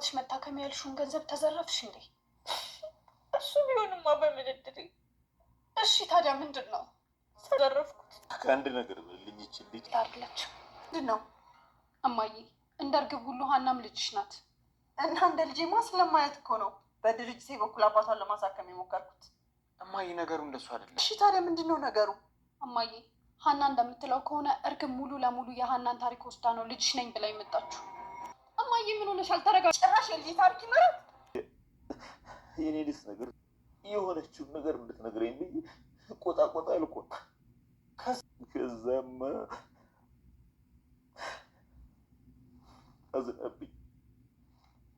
አባትሽ መታከሚያ ያልሽውን ገንዘብ ተዘረፍሽ እንዴ? እሱ ቢሆንማ በምንድር። እሺ ታዲያ ምንድን ነው ተዘረፍኩት? ከአንድ ነገር በልኝ። ይችልኝ ታለች። ምንድን ነው እማዬ? እንደ እርግብ ሁሉ ሀናም ልጅሽ ናት እና እንደ ልጄማ ስለማያት እኮ ነው በድርጅቴ በኩል አባቷን ለማሳከም የሞከርኩት። እማዬ ነገሩ እንደሱ አይደለም። እሺ ታዲያ ምንድን ነው ነገሩ? እማዬ ሀና እንደምትለው ከሆነ እርግብ ሙሉ ለሙሉ የሀናን ታሪክ ወስዳ ነው ልጅሽ ነኝ ብላ የመጣችሁ እማዬ ምን ሆነሻል? ተረጋጊ። ጭራሽ የልጅ ታሪክ ይመራል። የኔ ልጅ ነገር የሆነችውን ነገር እንድትነግረኝ ብዬ ቆጣ ቆጣ ያልቆጣ ከዛም አዝናብኝ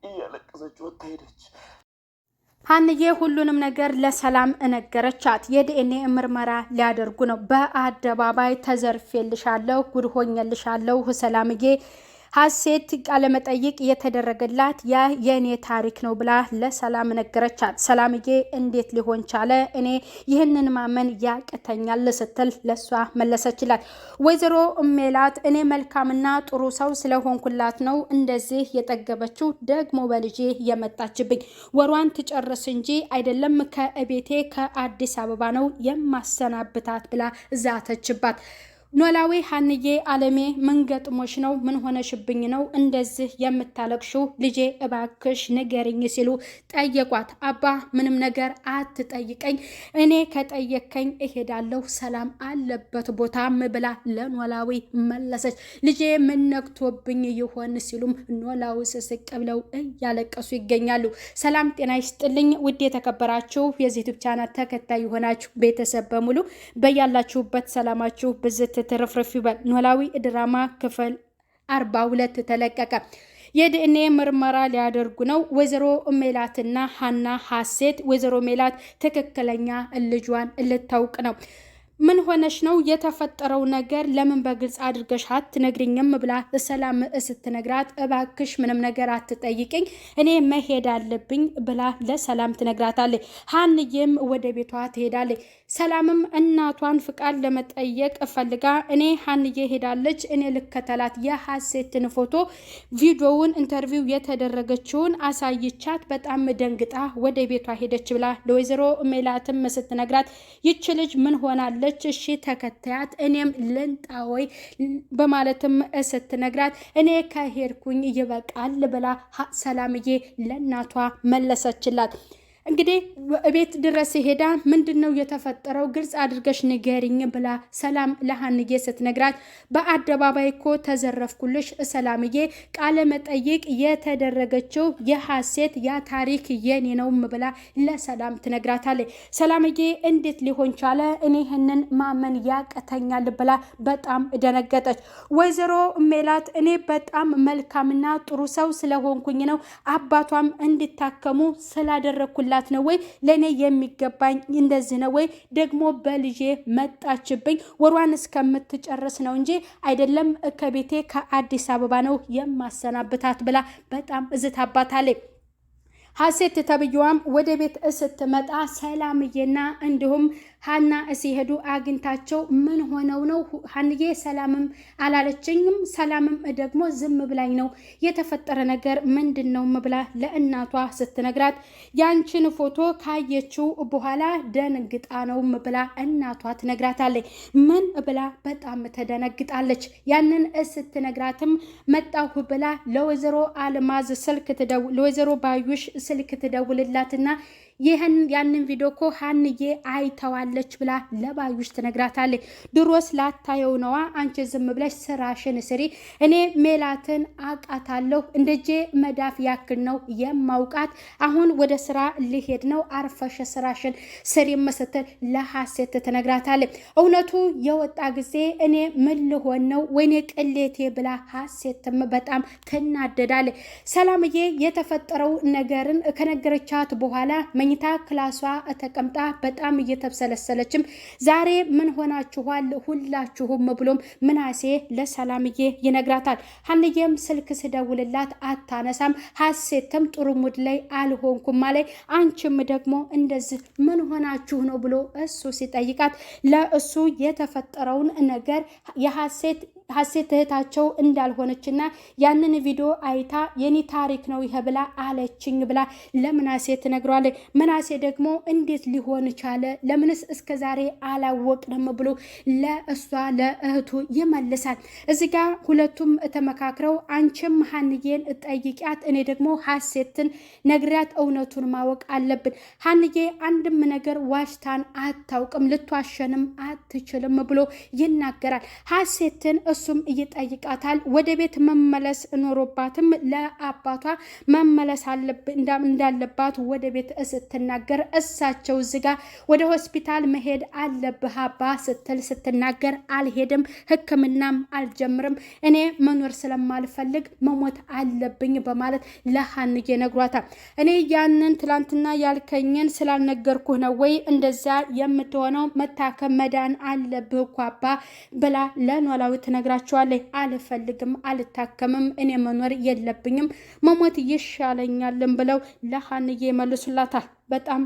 እያለቀሰች ወጣ ሄደች። ሀንዬ ሁሉንም ነገር ለሰላም እነገረቻት። የዲኤንኤ ምርመራ ሊያደርጉ ነው። በአደባባይ ተዘርፌልሻለሁ፣ ጉድ ሆኜልሻለሁ ሰላምዬ ሀሴት ቃለመጠይቅ የተደረገላት ያ የእኔ ታሪክ ነው ብላ ለሰላም ነገረቻት። ሰላምዬ እንዴት ሊሆን ቻለ? እኔ ይህንን ማመን ያቅተኛል ስትል ለሷ መለሰችላት። ወይዘሮ ሜላት እኔ መልካምና ጥሩ ሰው ስለሆንኩላት ነው እንደዚህ የጠገበችው፣ ደግሞ በልጄ የመጣችብኝ ወሯን ትጨርስ እንጂ አይደለም ከእቤቴ ከአዲስ አበባ ነው የማሰናብታት ብላ ዛተችባት። ኖላዊ ሀንዬ አለሜ ምን ገጥሞሽ ነው? ምን ሆነሽብኝ ነው እንደዚህ የምታለቅሹ? ልጄ እባክሽ ንገርኝ ሲሉ ጠየቋት። አባ ምንም ነገር አትጠይቀኝ፣ እኔ ከጠየከኝ እሄዳለሁ፣ ሰላም አለበት ቦታም ብላ ለኖላዊ መለሰች። ልጄ ምን ይሆን ሲሉም ኖላዊ ስስቅ ብለው እያለቀሱ ይገኛሉ። ሰላም ጤና ይስጥልኝ ውድ የተከበራችሁ የዚህ ቻናል ተከታይ የሆናችሁ ቤተሰብ በሙሉ በያላችሁበት ሰላማችሁ ብዝት ትርፍርፍ ይበል። ኖላዊ ድራማ ክፍል አርባ ሁለት ተለቀቀ። የዲኤንኤ ምርመራ ሊያደርጉ ነው። ወይዘሮ ሜላትና ሀና ሀሴት ወይዘሮ ሜላት ትክክለኛ ልጇን ልታውቅ ነው። ምን ሆነሽ ነው? የተፈጠረው ነገር ለምን በግልጽ አድርገሽ አትነግሪኝም? ብላ ሰላም ስትነግራት እባክሽ ምንም ነገር አትጠይቅኝ እኔ መሄድ አለብኝ ብላ ለሰላም ትነግራታለች። ሀንዬም ወደ ቤቷ ትሄዳለች። ሰላምም እናቷን ፍቃድ ለመጠየቅ ፈልጋ እኔ ሀንዬ ሄዳለች እኔ ልከተላት የሀሴትን ፎቶ ቪዲዮውን ኢንተርቪው የተደረገችውን አሳይቻት በጣም ደንግጣ ወደ ቤቷ ሄደች ብላ ለወይዘሮ ሜላትም ስትነግራት ይች ልጅ ምን ሆናለች? እሺ ተከታያት፣ እኔም ልንጣ ወይ በማለትም ስትነግራት እኔ ከሄድኩኝ ይበቃል ብላ ሰላምዬ ለእናቷ መለሰችላት። እንግዲህ ቤት ድረስ ሄዳ ምንድን ነው የተፈጠረው ግልጽ አድርገሽ ንገሪኝ ብላ ሰላም ለሀንዬ ስትነግራት በአደባባይ እኮ ተዘረፍኩልሽ ሰላምዬ፣ ቃለ መጠይቅ የተደረገችው የሀሴት ያ ታሪክ የኔ ነውም ብላ ለሰላም ትነግራታለች። ሰላምዬ እንዴት ሊሆን ቻለ? እኔ ይህንን ማመን ያቅተኛል ብላ በጣም ደነገጠች። ወይዘሮ ሜላት እኔ በጣም መልካምና ጥሩ ሰው ስለሆንኩኝ ነው አባቷም እንዲታከሙ ስላደረግኩላ ያላት ነው ወይ? ለእኔ የሚገባኝ እንደዚህ ነው ወይ? ደግሞ በልጄ መጣችብኝ ወሯን እስከምትጨርስ ነው እንጂ አይደለም ከቤቴ ከአዲስ አበባ ነው የማሰናብታት ብላ በጣም እዝታባታለች። ሀሴት ተብዬዋም ወደ ቤት ስትመጣ ሰላምዬና እንዲሁም ሀና ሲሄዱ አግኝታቸው ምን ሆነው ነው ሀንዬ ሰላምም አላለችኝም፣ ሰላምም ደግሞ ዝም ብላኝ ነው የተፈጠረ ነገር ምንድን ነው ብላ ለእናቷ ስትነግራት ያንቺን ፎቶ ካየችው በኋላ ደንግጣ ነው ብላ እናቷ ትነግራታለች። ምን ብላ በጣም ተደነግጣለች። ያንን ስትነግራትም መጣሁ ብላ ለወይዘሮ አልማዝ ስልክ ለወይዘሮ ባዩሽ ስልክ ትደውልላትና ይህን ያንን ቪዲዮ እኮ ሀንዬ አይተዋለች ብላ ለባዩሽ ትነግራታለች። ድሮስ ላታየው ነዋ። አንቺ ዝም ብለሽ ስራሽን ስሪ። እኔ ሜላትን አውቃታለሁ። እንደጄ መዳፍ ያክል ነው የማውቃት። አሁን ወደ ስራ ሊሄድ ነው፣ አርፈሽ ስራሽን ስሪ ስትል ለሀሴት ትነግራታለች። እውነቱ የወጣ ጊዜ እኔ ምን ልሆን ነው ወይኔ ቅሌቴ ብላ ሀሴትም በጣም ትናደዳለች። ሰላምዬ የተፈጠረው ነገርን ከነገረቻት በኋላ መኝታ ክላሷ ተቀምጣ በጣም እየተብሰለሰለችም ዛሬ ምን ሆናችኋል ሁላችሁም ብሎም ምናሴ ለሰላምዬ ይነግራታል። ሀንዬም ስልክ ስደውልላት አታነሳም። ሀሴትም ጥሩ ሙድ ላይ አልሆንኩም አለኝ። አንቺም ደግሞ እንደዚህ ምን ሆናችሁ ነው ብሎ እሱ ሲጠይቃት ለእሱ የተፈጠረውን ነገር የሀሴት ሀሴት እህታቸው እንዳልሆነችና ያንን ቪዲዮ አይታ የኔ ታሪክ ነው ይሄ ብላ አለችኝ ብላ ለምናሴ ትነግሯለች። ምናሴ ደግሞ እንዴት ሊሆን ቻለ ለምንስ እስከ ዛሬ አላወቅንም ብሎ ለእሷ ለእህቱ ይመልሳል። እዚ ጋ ሁለቱም ተመካክረው አንቺም ሀንዬን እጠይቂያት እኔ ደግሞ ሀሴትን ነግሪያት፣ እውነቱን ማወቅ አለብን። ሀንዬ አንድም ነገር ዋሽታን አታውቅም፣ ልትዋሸንም አትችልም ብሎ ይናገራል ሀሴትን እሱም ይጠይቃታል። ወደ ቤት መመለስ ኖሮባትም ለአባቷ መመለስ እንዳለባት ወደ ቤት ስትናገር እሳቸው ዝጋ ወደ ሆስፒታል መሄድ አለብህ አባ ስትል ስትናገር አልሄድም፣ ሕክምናም አልጀምርም፣ እኔ መኖር ስለማልፈልግ መሞት አለብኝ በማለት ለሀንዬ ነግሯታል። እኔ ያንን ትላንትና ያልከኝን ስላልነገርኩህ ነው ወይ እንደዛ የምትሆነው? መታከም መዳን አለብህ እኮ አባ ብላ ለኖላዊ ትነግረዋለች። ትነግራቸዋለች። አልፈልግም፣ አልታከምም፣ እኔ መኖር የለብኝም፣ መሞት ይሻለኛልን ብለው ለሀንዬ ይመልሱላታል። በጣም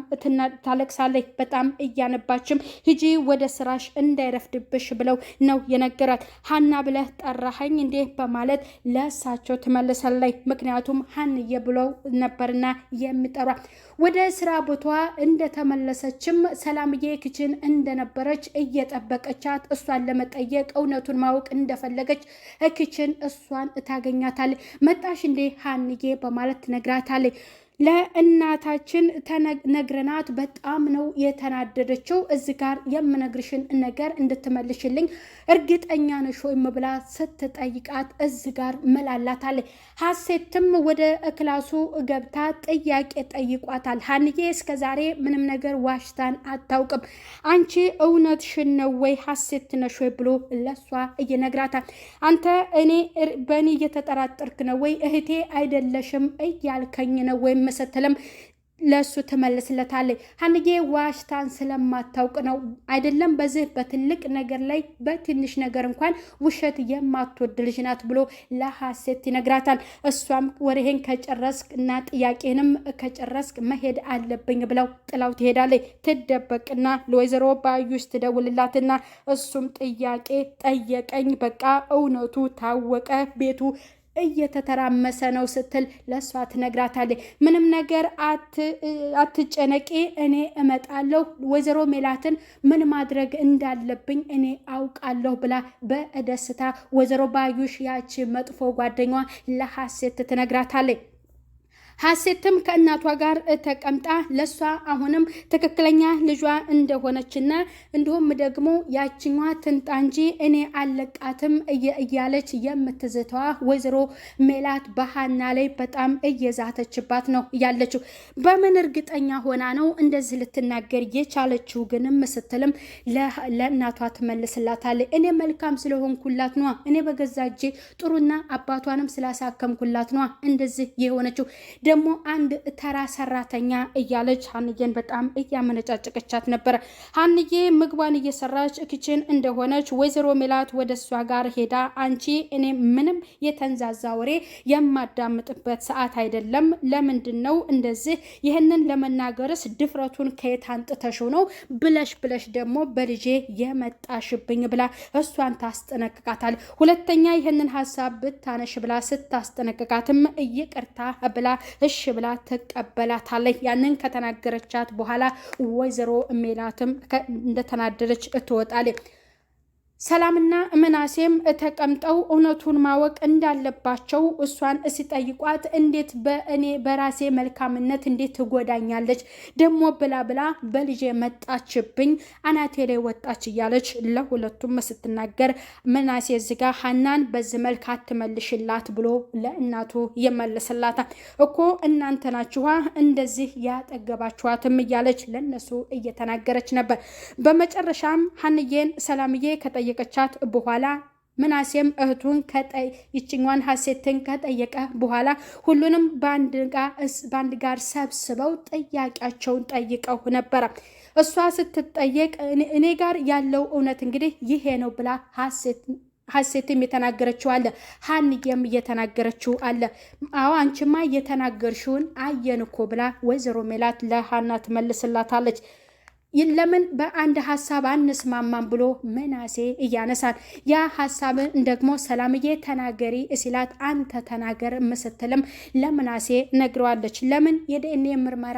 ታለቅሳለች። በጣም እያነባችም ሂጂ ወደ ስራሽ እንዳይረፍድብሽ ብለው ነው የነገራት። ሀና ብለህ ጠራኸኝ እንዴ በማለት ለእሳቸው ትመልሳለች። ምክንያቱም ሀንዬ ብለው ነበርና የሚጠሯ ወደ ስራ ቦታ እንደተመለሰችም ሰላምዬ ክችን እንደነበረች እየጠበቀቻት እሷን ለመጠየቅ እውነቱን ማወቅ እንደፈለገች ክችን እሷን ታገኛታለች። መጣሽ እንዴ ሀንዬ በማለት ትነግራታለች። ለእናታችን ነግረናት በጣም ነው የተናደደችው። እዚ ጋር የምነግርሽን ነገር እንድትመልሽልኝ እርግጠኛ ነሽ ወይም ብላ ስትጠይቃት እዚ ጋር መላላታል። ሀሴትም ወደ ክላሱ ገብታ ጥያቄ ጠይቋታል። ሀንዬ እስከዛሬ ምንም ነገር ዋሽታን አታውቅም። አንቺ እውነትሽን ነው ወይ ሀሴት ነሽ ወይ ብሎ ለሷ እየነግራታል። አንተ እኔ በእኔ እየተጠራጠርክ ነው ወይ እህቴ አይደለሽም እያልከኝ ነው ወይም ዝም ስትልም ለእሱ ትመልስለታለች። ሀንዬ ዋሽታን ስለማታውቅ ነው አይደለም። በዚህ በትልቅ ነገር ላይ በትንሽ ነገር እንኳን ውሸት የማትወድ ልጅ ናት ብሎ ለሀሴት ይነግራታል። እሷም ወሬህን ከጨረስክ እና ጥያቄንም ከጨረስክ መሄድ አለብኝ ብለው ጥላው ትሄዳለች። ትደበቅና ለወይዘሮ ባዩሽ ትደውልላትና እሱም ጥያቄ ጠየቀኝ፣ በቃ እውነቱ ታወቀ፣ ቤቱ እየተተራመሰ ነው ስትል ለእሷ ትነግራታለች። ምንም ነገር አትጨነቂ፣ እኔ እመጣለሁ። ወይዘሮ ሜላትን ምን ማድረግ እንዳለብኝ እኔ አውቃለሁ ብላ በደስታ ወይዘሮ ባዩሽ ያቺ መጥፎ ጓደኛዋ ለሀሴት ትነግራታለች። ሀሴትም ከእናቷ ጋር ተቀምጣ ለሷ አሁንም ትክክለኛ ልጇ እንደሆነችና እንዲሁም ደግሞ ያችኛ ትንጣ እንጂ እኔ አለቃትም እያለች የምትዝተዋ ወይዘሮ ሜላት በሀና ላይ በጣም እየዛተችባት ነው ያለችው። በምን እርግጠኛ ሆና ነው እንደዚህ ልትናገር የቻለችው ግንም ስትልም ለእናቷ ትመልስላታለች። እኔ መልካም ስለሆንኩላት ነዋ። እኔ በገዛ እጄ ጥሩና አባቷንም ስላሳከምኩላት ነዋ እንደዚህ የሆነችው ደግሞ አንድ ተራ ሰራተኛ እያለች ሀንዬን በጣም እያመነጫጨቀቻት ነበር። ሀንዬ ምግቧን እየሰራች ክችን እንደሆነች ወይዘሮ ሜላት ወደ እሷ ጋር ሄዳ አንቺ እኔ ምንም የተንዛዛ ወሬ የማዳምጥበት ሰዓት አይደለም። ለምንድን ነው እንደዚህ ይህንን ለመናገርስ ድፍረቱን ከየት አንጥተሽው ነው ብለሽ ብለሽ ደግሞ በልጄ የመጣሽብኝ ብላ እሷን ታስጠነቅቃታል። ሁለተኛ ይህንን ሀሳብ ብታነሽ ብላ ስታስጠነቅቃትም ይቅርታ ብላ እሽ ብላ ትቀበላታለች። ያንን ከተናገረቻት በኋላ ወይዘሮ ሜላትም እንደተናደደች ትወጣለች። ሰላምና ምናሴም ተቀምጠው እውነቱን ማወቅ እንዳለባቸው እሷን ሲጠይቋት እንዴት በእኔ በራሴ መልካምነት እንዴት ትጎዳኛለች ደግሞ ብላ ብላ በልጄ መጣችብኝ አናቴ ላይ ወጣች እያለች ለሁለቱም ስትናገር ምናሴ ዝጋ ሀናን በዚህ መልክ አትመልሽላት ብሎ ለእናቱ ይመልስላታል እኮ እናንተ ናችኋ እንደዚህ ያጠገባችኋትም እያለች ለነሱ እየተናገረች ነበር በመጨረሻም ሀንዬን ሰላምዬ ከጠ ከጠየቀቻት በኋላ ምናሴም እህቱን ይችኛዋን ሀሴትን ከጠየቀ በኋላ ሁሉንም በአንድ ጋር ሰብስበው ጥያቄያቸውን ጠይቀው ነበረ። እሷ ስትጠየቅ እኔ ጋር ያለው እውነት እንግዲህ ይሄ ነው ብላ ሀሴትም የተናገረችው አለ፣ ሀንዬም እየተናገረችው አለ። አዎ አንቺማ የተናገርሽውን አየን እኮ ብላ ወይዘሮ ሜላት ለሀና ትመልስላታለች። ለምን በአንድ ሀሳብ አንስማማም ብሎ መናሴ እያነሳል። ያ ሀሳብን ደግሞ ሰላምዬ ተናገሪ ሲላት አንተ ተናገር ምስትልም ለምናሴ ነግረዋለች። ለምን የዲኤንኤ ምርመራ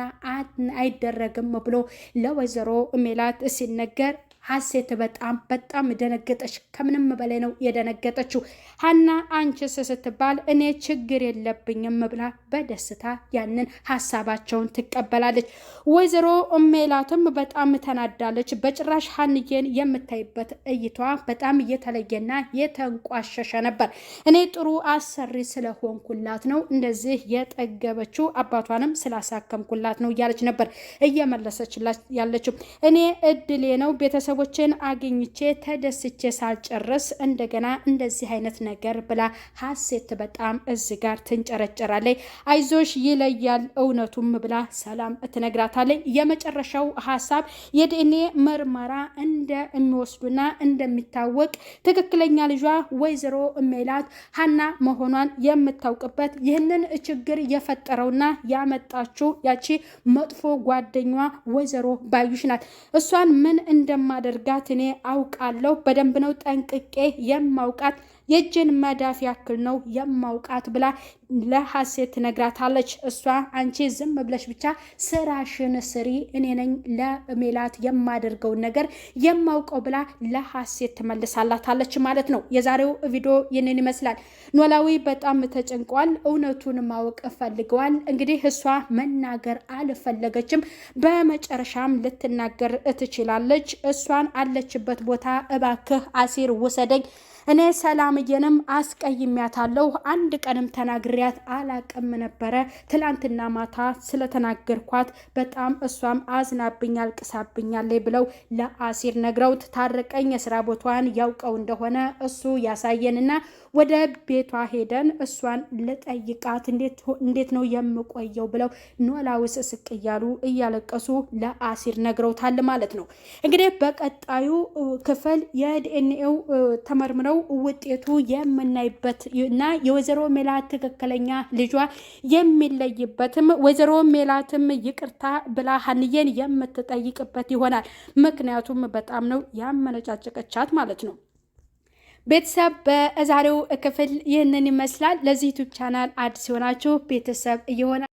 አይደረግም ብሎ ለወይዘሮ ሜላት ሲነገር ሀሴት በጣም በጣም ደነገጠች። ከምንም በላይ ነው የደነገጠችው። ሀና አንቺስ ስትባል እኔ ችግር የለብኝም ብላ በደስታ ያንን ሀሳባቸውን ትቀበላለች። ወይዘሮ ሜላትም በጣም ተናዳለች። በጭራሽ ሀንዬን የምታይበት እይቷ በጣም እየተለየና የተንቋሸሸ ነበር። እኔ ጥሩ አሰሪ ስለሆንኩላት ነው እንደዚህ የጠገበችው፣ አባቷንም ስላሳከምኩላት ነው እያለች ነበር እየመለሰችላት ያለችው። እኔ እድሌ ነው ቤተሰቡ ቤተሰቦችን አግኝቼ ተደስቼ ሳልጨርስ እንደገና እንደዚህ አይነት ነገር ብላ ሀሴት በጣም እዚ ጋር ትንጨረጨራለች። አይዞሽ ይለያል እውነቱም ብላ ሰላም ትነግራታለች። የመጨረሻው ሀሳብ የዲኤንኤ ምርመራ እንደሚወስዱና እንደሚታወቅ ትክክለኛ ልጇ ወይዘሮ ሜላት ሀና መሆኗን የምታውቅበት ይህንን ችግር የፈጠረውና ያመጣችው ያቺ መጥፎ ጓደኛ ወይዘሮ ባዩሽ ናት። እሷን ምን እንደማ እንደማደርጋት እኔ አውቃለሁ። በደንብ ነው ጠንቅቄ የማውቃት የእጅን መዳፍ ያክል ነው የማውቃት ብላ ለሀሴት ትነግራታለች። እሷ አንቺ ዝም ብለሽ ብቻ ስራሽን ስሪ፣ እኔ ነኝ ለሜላት የማደርገውን ነገር የማውቀው ብላ ለሀሴት ትመልሳላታለች ማለት ነው። የዛሬው ቪዲዮ ይህንን ይመስላል። ኖላዊ በጣም ተጨንቋል። እውነቱን ማወቅ ፈልገዋል። እንግዲህ እሷ መናገር አልፈለገችም። በመጨረሻም ልትናገር ትችላለች። እሷን አለችበት ቦታ እባክህ አሲር ውሰደኝ እኔ ሰላምዬንም አስቀይሜያታለሁ። አንድ ቀንም ተናግሪያት አላቅም ነበረ። ትላንትና ማታ ስለተናገርኳት በጣም እሷም አዝናብኝ አልቅሳብኛል ብለው ለአሲር ነግረውት ታረቀኝ የስራ ቦታዋን ያውቀው እንደሆነ እሱ ያሳየንና ወደ ቤቷ ሄደን እሷን ልጠይቃት እንዴት ነው የምቆየው ብለው ኖላዊ ስቅስቅ እያሉ እያለቀሱ ለአሲር ነግረውታል ማለት ነው። እንግዲህ በቀጣዩ ክፍል የዲኤንኤው ተመርምረው ውጤቱ የምናይበት እና የወይዘሮ ሜላት ትክክለኛ ልጇ የሚለይበትም ወይዘሮ ሜላትም ይቅርታ ብላ ሀንዬን የምትጠይቅበት ይሆናል። ምክንያቱም በጣም ነው ያመነጫጭቀቻት ማለት ነው። ቤተሰብ በዛሬው ክፍል ይህንን ይመስላል። ለዚህ ዩቱብ ቻናል አዲስ የሆናችሁ ቤተሰብ እየሆነ